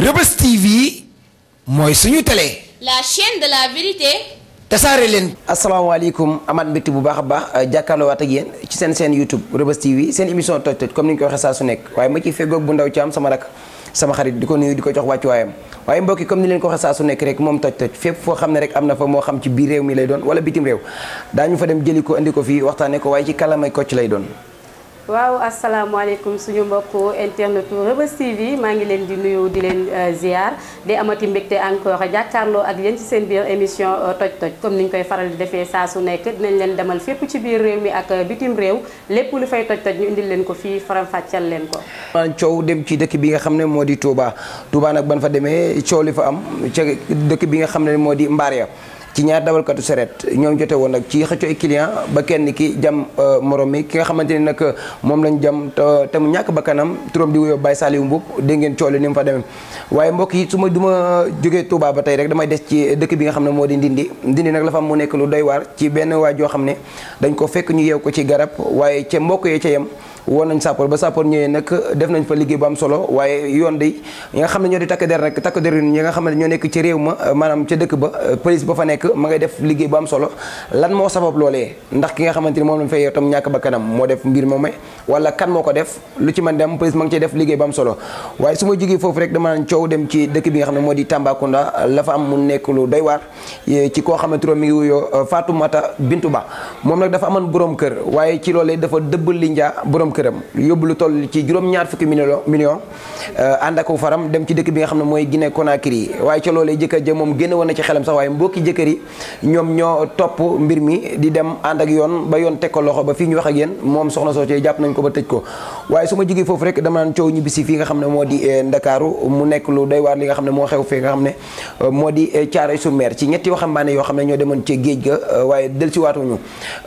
Reubeuss TV mooy suñu télé. la chaîne de la vérité. tasaare leen. asalaamaaleykum amaat mbégte bu baax a baax euh, jàkkaarloo waat ak yéen ci seen seen YouTube Reubeuss TV seen émission toj toj comme ni ñu ko waxee su nekk waaye ma ciy feggoog bu ndaw ci am sama rak sama xarit di ko nuyu di ko jox wàccuwaayam waaye mbokki comme ni leen ko waxee su nekk rek moom toj toj fépp foo xam ne rek am na fa moo xam ci biir réew mi lay doon wala bitim réew ñu fa dem jëli ko indi ko fii waxtaanee ko waaye ci kalamay kocc lay doon. waaw asalaamaaleykum suñu mbokku internetu Reubeuss TV maa ngi leen di nuyu di leen euh, ziar di amati mbégte encore jàkkaarloo ak yéen ci seen biir émission euh, toj toj comme ni ñu koy faral di defee saa su nekk dinañ leen demal fépp ci biir réew mi ak euh, bitim réew lépp lu fay toj toj ñu indi leen ko fii faral fàcceel leen ko. maanaam coow dem ci dëkk bi nga xam ne moo di Touba Touba nag ban fa demee coow li fa am ca dëkk bi nga xam ne moo di Mbaria. ci ñaar dawalkatu saret ñoom jote woon nag ci xëccoo ay client ba kenn ki jam euh, morom mi ki nga xamante ni nag euh, moom lañ jam te mu ñàkk ba kanam turam di wuyoo Baye Saliou Mboup dégg ngeen coole ni mu fa demee waaye mbokk yi su ma du ma jógee Touba ba tey rek damay des ci dëkk bi nga xam ne moo di Ndindi Ndindi nag la fa mu nekk lu doy waar ci benn waay joo xam ne dañ ko fekk ñu yeew ko ci garab waaye ca mbokk yee ca yem woon nañ sappoor ba sappoor ñëwee nag def nañ fa liggéey bu am solo waaye yoon day ñi nga xam ne ñoo di takk der nag takk der ñi nga xam ñoo nekk ci réew ma maanaam ca dëkk ba police ba fa nekk am solo ndax ki nga xamante ni moom lañ fay tam ñàkk ba kanam moo def mbir moomee wala kan moo ko def lu dem police ma ngi cay def liggéey bu solo waaye su ma jógee foofu rek dama naan dem ci dëkk bi nga xam ne moo di Tambacounda la fa am nekk lu doy waar ci koo xam ne mi ngi wuyoo Fatoumata Bintou Ba moom nag dafa amoon borom kër waaye ci loolee dafa dëbbal li njaa kër këram lu yóbbu lu ci juróom-ñaar fukki million million Euh, ànd ak faram dem ci dëkk bi nga xam ne mooy Guinée Conakry waaye ca loolee jëkkër ja moom génn woon na ci xelam sax waaye mbokki jëkkër yi ñoom ñoo topp mbir mi di dem ànd ak yoon ba yoon teg ko loxo ba fii ñu wax ak yéen moom soxna soocee jàpp nañ ko ba tëj ko waaye su ma jigee foofu rek dama naan coow ñibbisi fii nga xam ne moo di eh, Ndakaaru mu nekk lu doy li nga xam ne moo xew fii nga xam ne eh, moo di eh, Thiaroye sur ci ñetti waxambaane yoo xam ne ñoo demoon ci géej ga waaye delsiwaatuñu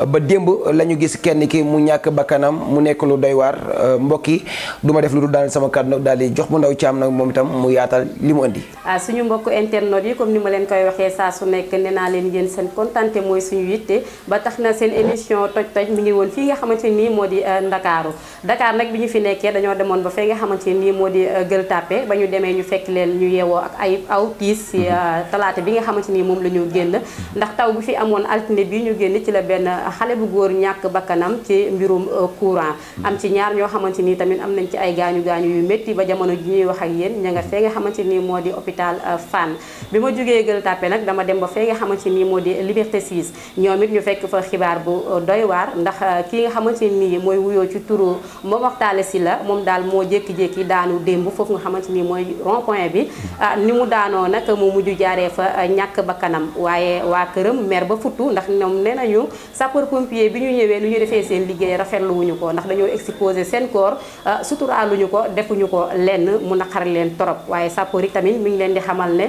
ba démb la ñu gis kenn ki mu ñàkk bakkanam mu nekk lu day waar mbokki duma def lu dul daal sama kàddu daal di jox bu ndaw caam nag moom itam mu yaatal li mu andi. ah suñu mbokk internet yi comme ni ma leen koy waxee saa su nekk nee naa leen yéen seen kontante mooy suñu yitte ba tax na seen émission toj toj mi ngi woon fii nga xamante nii moo di eh, Ndakaaru Dakar nag bi ñu fi nekkee dañoo demoon ba fee nga xamante ni moo di euh, Gueule Tapée ba ñu demee ñu fekk leen ñu yeewoo ak aw tiis si mhm. euh, talaata bi nga xamante ni moom la ñu génn mhm. ndax taw bi fi amoon altine bi ñu génn ci la benn xale bu góor ñàkk bakkanam ci mbirum euh, courant mhm. am ci ñaar ñoo xamante ni tamit am nañ ci ay gaañu gaañu yu métti ba jamono ji ñuy wax ak yéen ña nga fee nga xamante ni moo di hôpital Fann bi ma jógee Gueule Tapée nag dama dem ba fee nga xamante nii moo di Liberté 6 ñoom it ñu fekk fa xibaar bu doy waar ndax ki nga xamante ni mooy wuyoo ci turo Mame Makhtar la moom daal moo jékki-jékki daanu démb foofu nga xamante ni mooy rond point bi ah, ni mu daanoo nag mu mujj jaaree fa ah, ñàkk ba kanam waaye waa këram mer ba futtu ndax ñoom nee nañu sapeur pompier bi ñu ñëwee lu ñu defee seen liggéey rafetlu wuñu ko ndax dañoo exposé seen corps ah, suturaaluñu ko defuñu ko lenn mun mu naqar leen torop waaye sapeur yi tamit mu ngi leen di xamal ne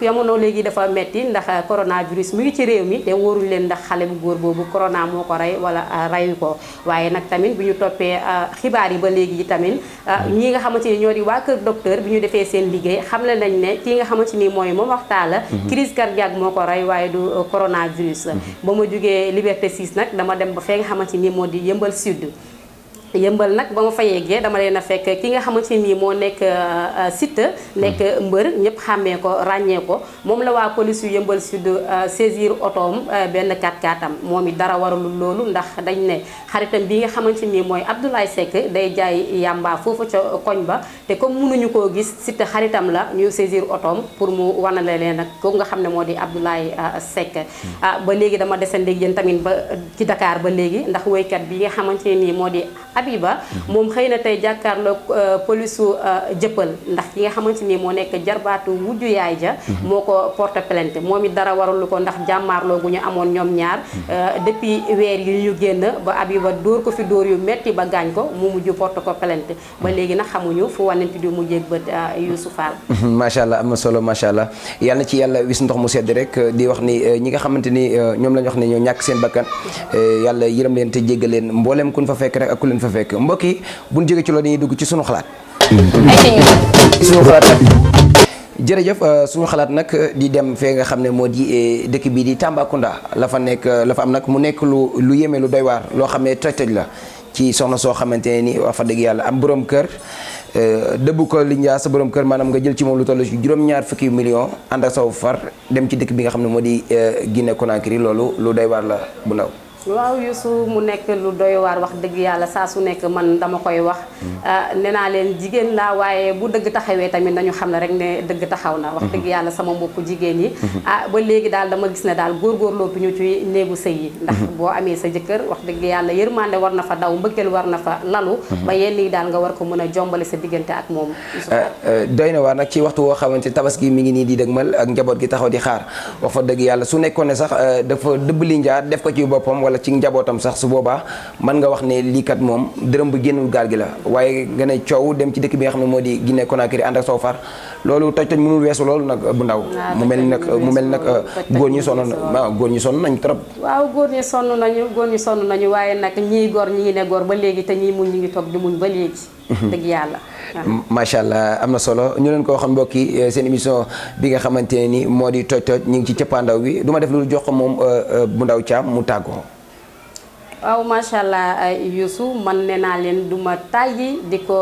yamono léegi dafa metti ndax coronavirus mu ngi ci réew mi te leen ndax xale bu góor boobu corona moo ko rey wala reyu ko xibaar yi ba léegi yi tamit ah, ñi nga xamante ni ñoo di waa kër docteur bi ñu defee seen liggéey xam xamle nañ ne kii nga xamante ni mooy ma waxtaan la mhm. crise cardiaque moo ko rey waaye du euh, coronavirus mhm. ba ma jógee liberté 6 nag dama dem ba fee nga xamante ni moo di yëmbal sud yëmbal nag ba ma fa yeggee dama leen a fekk ki nga xamante ni moo nekk euh, Siteu nekk hmm. mbër ñëpp xàmmee ko ràññee moom la waa police yu yëmbal sud euh, saisir otoom euh, benn 4x4 am dara waralul loolu ndax dañ ne xaritam bi nga xamante ni mooy Abdoulaye Seck day jaay yàmba foofu ca koñ ba te comme mënuñu koo gis Siteu xaritam la ñu saisir otoom pour mu wanale leen nag kooku nga xam ne moo di Abdoulaye Seck hmm. ah, ba léegi dama deseen yéen tamit ba ci dakaar ba léegi ndax woykat bi nga xamante nii moo di Habiba moom xëy na tey jàkkaarloog euh, polisu euh, jëppal ndax ki nga xamante ni moo nekk jarbaatu wujju yaay ja mhm. moo ko porte plainte moom it dara waralu ko ndax jàmmaarloo gu ñu amoon ñoom ñaar mhm. euh, depuis weer yi ñu génn ba Habiba dóor ko fi dóor yu metti ba gaañ ko mu mujj porte ko plainte ba mhm. léegi nag xamuñu fu wanante di mujjee bët Youssou Fall macha allah am solo macha allah yal ci yàlla wis ndox mu sedd rek di wax ni ñi nga xamante ni ñoom lañ wax ne ñoo ñàkk seen bakkan yàlla yërëm leen te jéggal leen mboolem kun fa fekk mbokk yi bu ñu jógee ci loolu dañuy dugg ci sunu xalaat. sunu xalaat euh, suñu xalaat nag euh, di dem fee nga xam ne moo di euh, dëkk bii di Tambacounda la fa nekk la fa am nag mu nekk lu lu yemee lu doy waar loo xam ne toj-toj la ci soxna soo xamante ne ni wax fa dëgg yàlla am borom kër. dëbb ko li sa borom kër maanaam nga jël ci moom lu toll juróom-ñaar fukki million ànd ak saw far dem ci dëkk bi nga xam ne moo di Guinée Conakry loolu lu doy waar la bu ndaw. waaw Youssou mu nekk lu doy waar wax dëgg yàlla saa su nekk man dama koy wax mm. ah, nee naa leen jigéen laa waaye bu dëgg taxawee tamit nañu xam ne rek ne dëgg taxaw na dëgg mm-hmm. yàlla sama mbokku jigéen yi mm-hmm. ah ba léegi daal dama gis ne daal góorgóorloo bi ñu ci néegu sëy yi mm-hmm. boo amee sa jëkkër wax dëgg yàlla yërmande war na fa daw mbëggeel war na fa lalu ba yenn yi daal nga war ko mën a jombale sa diggante ak moom ah, ah, doy na waar nag ci waxtu woo xamante tabaski mi ngi nii di dëgmal ak njaboot gi taxaw di xaar wax yàlla su nekkoon ne sax dafa dëbb li njaar def ko ci boppam ci njabootam sax su boobaa man nga wax ne lii kat moom dërëm bu génnul gaal gi la waaye nga ne coow dem ci dëkk bi nga xam ne moo di Guinée Conakry ànd ak soow far loolu toj toj mënul weesu loolu nag bu ndaw mu mel nag mu mel nag euh, góor ñi sonn waaw góor ñi sonn nañu trop waaw góor ñi sonn sonn nañu waaye nag ñii góor ñi ngi ne góor ba léegi te ñii muñ ñi ngi toog di muñ ba léegi mhm. yàlla macha allah am na solo ñu leen ko mbokk yi euh, seen émission bi nga xamante ne ni moo di toj toj ñu ngi ci cëppaandaw bi duma def lu jox moom euh, bu ndaw caam mu tàggoo aw macha allah Youssou man ne naa leen du ma tàyyi di ko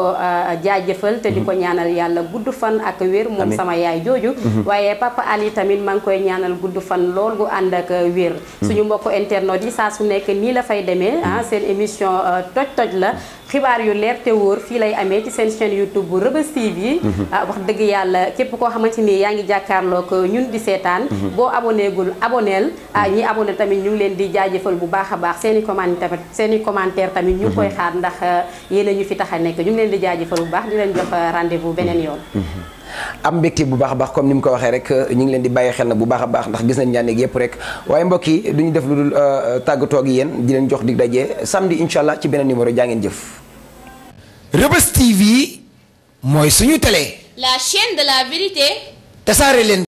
jaajëfal te di ko ñaanal yàlla gudd fan ak wér moom sama yaay jooju mhm. waaye papa yi tamit maa ngi koy ñaanal gudd fan lool gu ànd ak wér mhm. suñu mbokk internet yi saa su nekk nii la fay demee ah mhm. seen émission toj toj la xibaar yu leer te wóor fii lay amee ci seen chaîne YouTube bu Reubeuss TV. Mhm. Ah, wax dëgg yàlla képp koo xamante ni yaa ngi jàkkaarloog ñun di seetaan. Mhm. boo abonné gul aboneel ah, mhm. ñi abonné tamit ñu ngi leen di jaajëfal bu baax a baax seen i commentaire seen i commentaire tamit ñu koy xaar ndax ah, yéen a ñu fi tax a nekk ñu ngi leen di jaajëfal bu baax di leen jox rendez-vous beneen yoon. am mbégte bu baax a baax comme ni mu ko waxee rek ñu ngi leen di bàyyi xel na bu baax a baax ndax gis nañ ñaan rek waaye mbokk yi du ñu def lu dul tàggatoo ak yéen di leen jox dig daje samedi incha allah ci beneen numéro jaa ngeen TV mooy suñu télé. la chaîne de la vérité. tasaare leen.